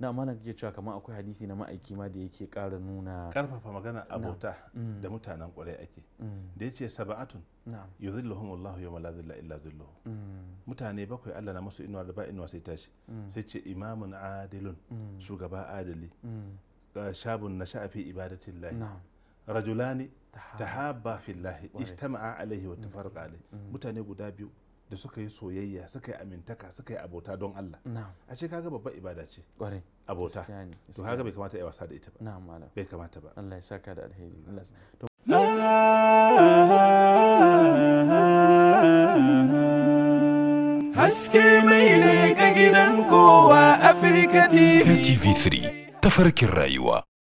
na mana ke cewa kamar akwai hadisi na ma'aiki ma da yake ƙara nuna karfafa magana abota mm. da mutanen ƙwarai ake mm. da ya ce saba'atun yuzilluhum Allahu yawma la zilla illa zilluhu mm. mutane bakwai Allah na masu inuwa da ba inuwa sai tashi sai ce imamun adilun shugaba adali shabun na sha'afi ibadatin lahi rajulani tahabba fillahi ijtama'a alaihi wa tafarqa alaihi mutane guda biyu da suka yi soyayya suka yi amintaka suka yi abota don Allah a ce kaga babbar ibada ce kwarai abota to kaga bai kamata ya wasa da ita ba na'am malam bai kamata ba Allah ya saka da alheri haske mai ne ga gidan kowa Afirka TV TV3 tafarkin rayuwa